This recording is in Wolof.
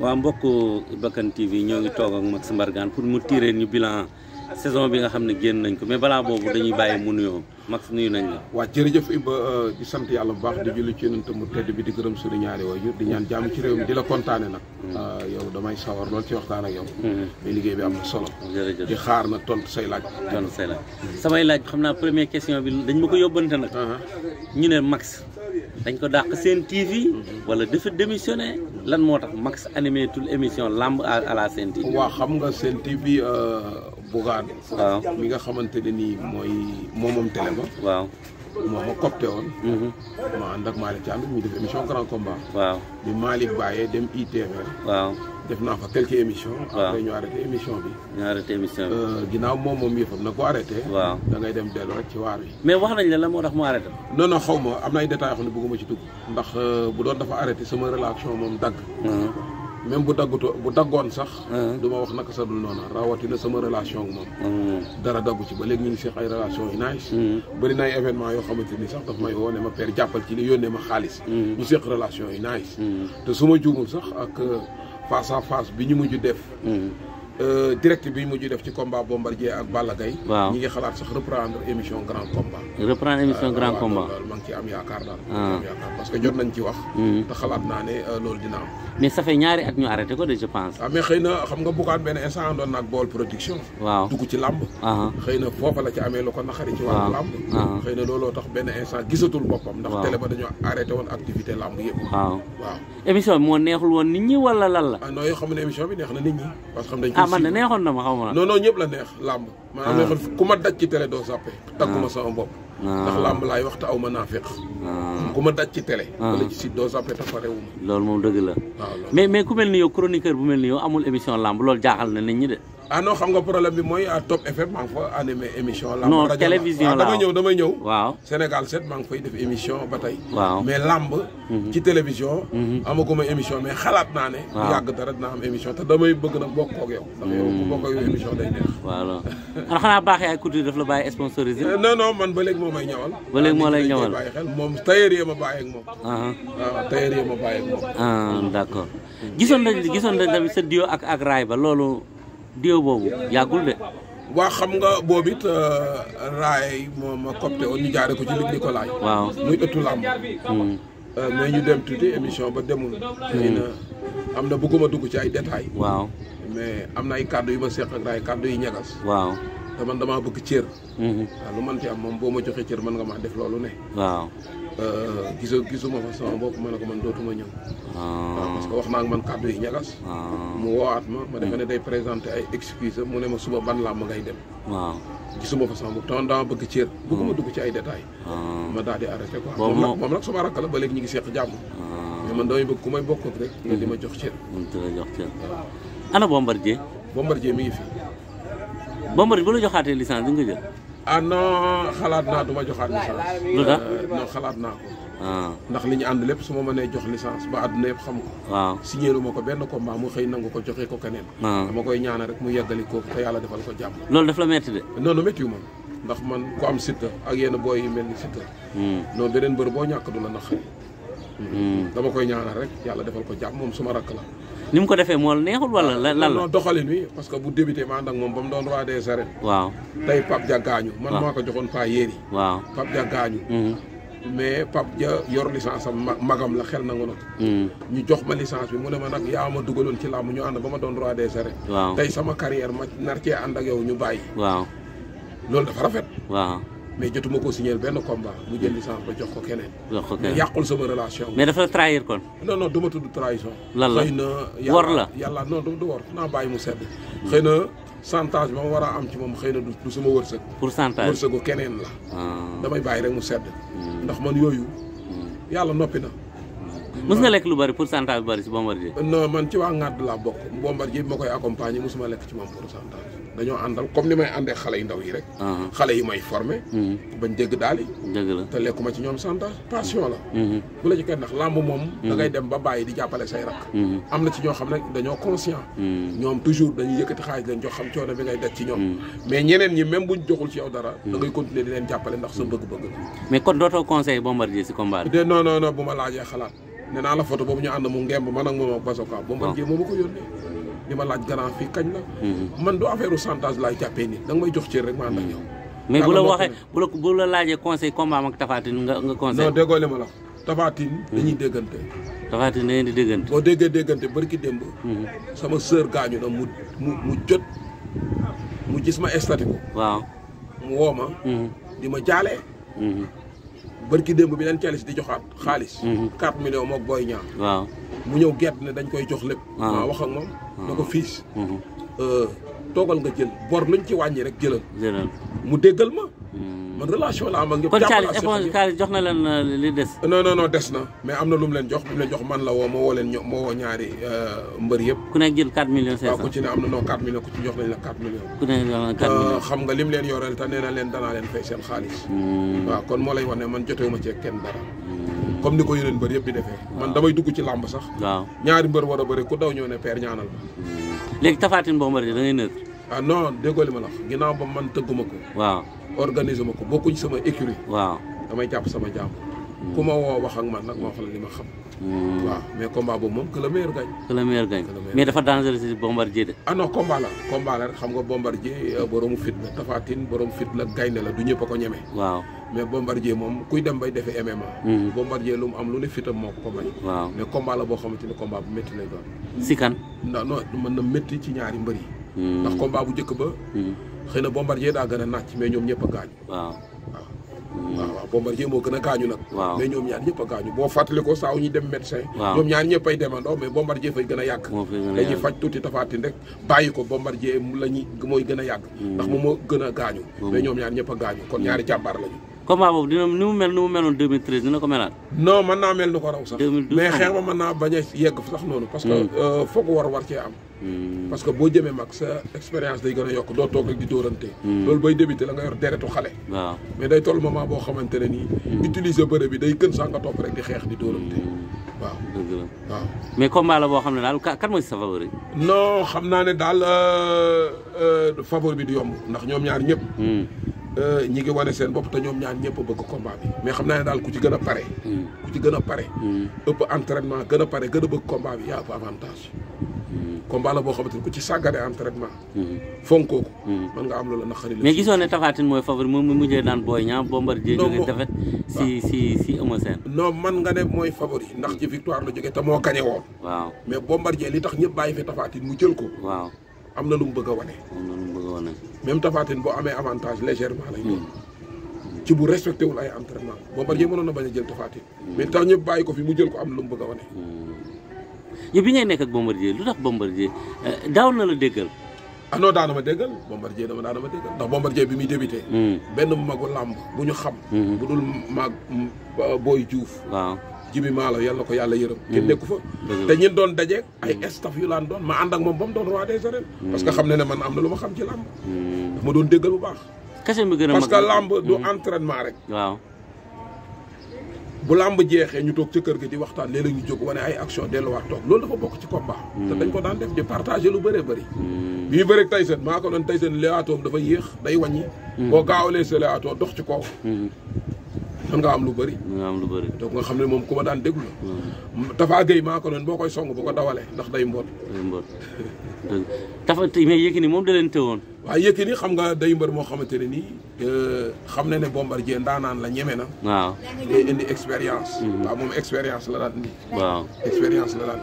waaw mbokk Bakkan TV ñoo ngi toog ak Max Mbargane pour mu tirer ñu bilan saison bi nga xam ne génn nañ ko mais balaa boobu dañuy bàyyi mu nuyoo Max nuyu nañ la. waaw jërëjëf euh, di sant yàlla bu baax di julli ci yonent mu tedd bi di gërëm suñu ñaari waajur di ñaan jàmm ci réew mi di la kontaane nag. Mm. Euh, yow damay mm. bi am solo. jërëjëf xaar na tontu say laaj. tontu say laaj samay laaj xam naa première question bi dañ ma ko yóbbante nag. Uh-huh. ñu ne Max dañ ko dàq seen TV. Mm-hmm. wala dafa démissionné. lan moo tax Max animé tul émission lamb à la Sen TV. xam nga Sen bi euh, Bougane. waaw mi nga xamante ne nii mooy moomam télé ba. moo ma copte woon. Mhm. ma ànd ak Malick Thiam ñu def émission grand combat. waaw bi Malick bàyyee dem ITV. waaw def naa fa quelques émissions. waaw après ñu arrêté émission bi. ñu arrêté émission bi. Euh, ginnaaw moom moom yëfam na ko arrêté. waaw da ngay dem dellu rek ci waar wi. mais wax nañ la lan moo tax mu arrêté. non non xaw ma am na ay détails xam ne bëgguma ci dugg. ndax euh, bu doon dafa arrêté sama relation moom dagg. Mhm. même bu daggutoo bu daggoon sax. Ah. du wax naka sa dul noonu rawatina sama relation moom. Ah. dara daggu ci ba léegi ñu ngi seex ay relation yu nice. Mm. bari na événement yoo xamante ni sax daf may woone ma per jàppal ci li yónnee ma xaalis. Mm. ñu seex relation yu nice. Mm. te su ma juumul sax ak face à bi ñu mujj def. Euh, direct bi mujj def ci combat Bombardier ak Balla Gaye waaw ñi ngi xalaat sax reprendre émission grand combat reprendre émission euh, grand combat ma ci am yaakaar daal ah. parce que jot nañ ci wax mm-hmm. te xalaat naa ne euh, loolu dina am mais ça fait ñaari at ñu arrêté ko de je pense ah na xam nga bukaan benn instant doon naag bool production dugg ci làmb xëy na foofa la ci amee ko naqari ci wàllu làmb xëy na looloo tax benn instant gisatul boppam ndax télé ba dañoo arrêté woon activité làmb yëpp waaw la ah non yoo xam ne émission bi neex na nit man ne neexoon na ma xaw ma. non non ñëpp la neex làmb. Ah. ku ma daj ci télé doo sàppe. Ah. tàgguma sama bopp. Ah. ndax làmb laay waxta aw ma naa feq. ku ma daj ci télé. wala ci site doo sàppe te pare loolu moom dëgg la. mais mais ku mel ni yow chroniqueur bu mel ni yow amul émission làmb loolu jaaxal na nit ñi de. ah non xam nga problème bi moy à Top FM mang fa animé émission. la non télévision la ah, Dama ñew dama ñew. waaw Sénégal 7 mang fay def émission ba tey. waaw mais lamb. Mhm. ci télévision. Mhm. amaguma émission mais xalaat na né yag dara dinaa am émission té damay bëgg nag bokk ak yow. ndax mhm. bokk bu yow émission day neex. voilà Ana xana baaxee ay couture daf la bàyyi sponsorisé. Eh, non non man ba léegi moo may ñëwal. ba léegi mo ah, lay ñëwal Mom xel tailleur yi ma bàyyi ak moom. Ah, waaw tailleur yi ma bàyyi ak mom. Ah d'accord. gisoon nañu gisoon nañu tamit sa duo ak ak Rayba lolu diw boobu yàggul de. waa xam nga boobu it euh, raay moom a copte woon ñu jaare ko ci Luc Nicolaï. waaw muy ëttu làmb. Hmm. Euh, mais ñu dem tuuti émission ba demul. xëy na hmm. am na bëgguma dugg ci ay détails. waaw mais am na ay kàddu yu ma seq ak raay kàddu yu ñagas. waaw te man damaa bëgg cër. Hmm. waaw lu man fi am moom boo ma joxee cër mën nga maa def loolu ne. waaw. Euh, gisoo gisuma fa sama bopp ma na ko man dootuma ñëw. waaw ah. ah, parce que wax naa man kàddu yi ñagas. Ah. mu woowaat ma ma defe ne day présenté ay excuses mu ne ma suba ban ma ngay dem. waaw gisuma fa sama bopp te man dama bëgg cër. bëgguma dugg ci ay détails. ma daal di arrêté quoi. moom nag moom nag sama rakk la ba léegi ñu ngi seq jàmm. mais man damay bëgg ku may bokk rek. nga di ma jox cër. nga mm-hmm. di ma jox cër ana Bombardier. Bombardier mi ngi fi. Bombardier bu la joxaatee licence di nga jël. ah non xalaat naa du ma joxaat licence. Euh, xalaat naa ko. Ah. ndax li ñu ànd lépp su ma mënee jox licence ba àdduna yëpp xam ko. waaw signéeru ko benn combat mu xëy nangu ko joxe ko keneen. Ah. dama koy ñaanal rek mu yeggali ko te yàlla defal ko jàmm. loolu daf la métti de. non non métti ndax man ku am Siteu ak yenn booy yu mel ni Siteu. Hmm. non beneen bër boo ñàkk du la naqari. Hmm. dama koy ñaanal rek yalla defal ko jamm mom suma rak la nim ko defé moo neexul wala lan la doxali ni parce que bu débuté ma ànd ak moom ba doon roi des arènes waaw tay pap jagañu man maa joxon fa Yéri waaw pap jagañu hmm. mais pap ja yor licence am magam la xel nangu nag hmm. ñu jox ma licence bi mu ne ma nag yaa ma dugaloon ci lamb ñu and bama doon roi des arènes tay sama carrière ma nar ci and ak yow ñu bayyi waaw loolu dafa rafet waaw mais jotuma ko signer benn combat mu jël licence ba jox ko keneen. jox ko yàqul sama relation. mais dafa trahir kon. non non du ma tudd trahison. lan la la yàlla non du war naa bàyyi mu sedd. xëy na santage ba ma war a am ci moom xëy na du sama wërsëg. pourcentage wërsëgu keneen la. Ah. damay bàyyi rek mu sedd. Hmm. ndax man yooyu. Hmm. yàlla noppi na. mës lek lu bari pourcentage bari ci Bombardier non man ci wa ngad la bok Bombardier mako accompagner musuma lek ci mom pourcentage dañu andal comme ni may andé xalé yi ndaw yi rek ah. xalé yi may formé hmm. bañ dégg daal yi dëgg la te lekkuma ci ñom santage passion la hmm. bu la ci kenn nak lamb mom da ngay hmm. dem ba bàyyi di jappalé say rak amna ci ño xam ne dañoo conscient ñom toujours dañu yëkëti xaalis dañu jox xam coono bi ngay daj ci ñom mais ñeneen ñi même buñ joxul ci yow dara da ngay continuer di leen jappalé ndax sa bëgg-bëgg mais kon doto conseil bombardier ci combat non non non buma ma xalaat ne naa la photo boobu ñu ànd mu ngemb man ak moom ak ba man jee moom ko yónnee li ma laaj grand fii kañ la mhm. man du affaire u chantage laay jàppee nit da nga jox cër rek ma ànd ak mhm. yow mais bu la waxee bu la nga nga conseil non déggoo li ma la Tapha Tine mhm. dañuy déggante Tapha Tine dañuy di déggante boo déggee déggante bërki démb sama sœur gaañu na mu mu mu jot mu gis ma estati ko waaw mu woo ma di ma jaalee barki démb bi leen Thialis di joxaat xaalis. 4 mhm. millions moog booy ñaar. waaw mu ñëw gert ne dañ koy jox lépp. waaw wax ak moom. na ko fiis mhm. euh, toogal nga jël bor luñ ci wàññi rek jëlal. mu déggal ma. man relation la am ak ñëpp. jàppale kon Thialis jox na leen euh, li des. non non non des na mais am na lu mu leen jox bu jox man la woo ma woo leen ño ma woo ñaari euh, mbër yëpp. ku nekk jël 4 millions 500 waaw ci ne am na non 4 millions ku ci jox nañ euh, leen yoreel te leen danaa leen fay seen hmm. moo lay wax ne man jotewuma ci kenn dara. Hmm. comme ni ko yeneen mbër yëpp di defee. man damay dugg ci làmb sax. waaw ñaari mbër war a bëri ku daw ñëw ne père ñaanal ma. Hmm. léegi Tapha Tine Bombardier da ngay nëkk. ah non déggoo li ma la wax ginnaaw ba man tëgguma ko. waaw organiser ma ko bokkuñ sama écurie. waaw damay jàpp sama jàmm. ku ma woo wax ak man nag ma wax la li ma xam. Hmm. waaw mais combat moom que le meilleur gagne. que le meilleur gagne mais dafa dangereux si bombardier de. ah non combat la combat la rek xam nga bombardier euh, boromu fit la Tapha Tine borom fit la gaynde la du ñëpp ko ñeme. waaw mais bombardier moom kuy dem bay defee MMA. bombardier lu mu am lu ne fitam moo ko ko may. waaw mais combat boo xamante ne combat bu métti lay doon. sikan kan. non non mën na métti ci ñaari mbër yi. Hmm. ndax combat bu njëkk ba. Hmm. xëy na bombardier daa gën a naaj mais ñoom ñëpp a gaañu. waaw waaw waaw bombardier moo gën a gaañu nag. waaw mais ñoom ñaar ñëpp gaañu boo fàttali ko saa ñuy dem médecin. waaw ñoom ñaar ñëpp ay demandoo mais bombardier fay gën a yàgg. dañuy faj tuuti tafaatin rek bàyyi ko bombardier mu la ñuy mooy gën a yàgg. Mm. ndax moom moo gën a gaañu. Mm. mais ñoom ñaar ñëpp a gaañu kon mm. ñaari jàmbaar lañu. combat boobu dina ni mu mel ni mu meloon 2013 dina ko melaat. non mën naa mel ni ko raw sax. mais xeex ba mën naa bañ a yegg sax noonu. parce que hmm. euh, foog war war cee am. Hmm. parce que boo jëmee mag sa expérience day gën a yokk doo toog rek di dóorante. Hmm. loolu bay débuté la nga yor deretu xale. waaw mais day toll moment boo xamante ne nii. utiliser bëre bi day gën sax nga topp rek di xeex di dóorante. waaw dëgg la waaw. mais combat la boo xam ne daal kan mooy sa favori. non xam naa ne daal euh, euh, favori bi du yomb ndax ñoom ñaar ñëpp. Euh, ñi ngi wane seen bopp te ñoom ñaar ñëpp bëgg combat bi xam naa ne daal ku ci gën a pare mm. ku ci gën a pare mm. ëpp entraînement gën a pare gën a bëgg combat bi yaa ëpp avantage mm. combat la boo xamante ni ku ci sàggane entraînement fonkooku mën nga am loola naqari mais gisoon ne Tapha Tine mooy favori moom mu mujjee daan Boy Niang Bombardier jóge defet si si si Eumeu Sène non man nga ne mooy favori ndax ci victoire la jóge te moo gañe woon waaw mais Bombardier li tax ñëpp bàyyi fi Tapha Tine mu jël ko waaw am na lu mu bëgg a même même Tafatine bo avantage légèrement lay doon. ci bu respecté ay entraînement Bombardier mënoon na jël hmm. mais tant ñepp bayiko fi mu jël ko am lu bëgg hmm. ak Bombardier Bombardier eh, la déggal. Ah non Tu ma déggal Bombardier dama ma déggal ndax Bombardier bi mi débuté. Hmm. benn magu lamb bu xam. mag Boy jibi maa la yàlla ko yàlla yërëm mm. kenn nekku fa te ñun doon dajeeg mm. ay staff yu laan doon ma ànd ak moom ba doon roi des arènes mm. parce que xam ne ne man am na lu ma xam ci làmb daf ma doon déggal bu baax kese bi gën a parce que làmb du entraînement rek waaw bu làmb jeexee ñu toog ca kër gi di waxtaan léeg-léeg ñu jóg wane ay action delluwaat toog loolu dafa bokk ci combat te dañ ko daan def di partager lu bëree bëri bii bëri Tyson maa ko doon Tyson léwaatoom dafa yéex day wàññi boo gaawalee sa léwaatoo dox ci kaw mën nga am lu bëri donc nga xam ne moom ku daan déglu la hmm. Tafa Gueye maa ko noonu boo koy song boo ko dawalee ndax day mboot Tafa mais Yékini moom da leen teewoon waaw Yékini xam nga day mbër moo xamante ne nii euh, xam ne ne Bombardier ndaanaan la ñeme na waaw indi expérience hmm. waaw moom expérience la daan indi waaw expérience la waaw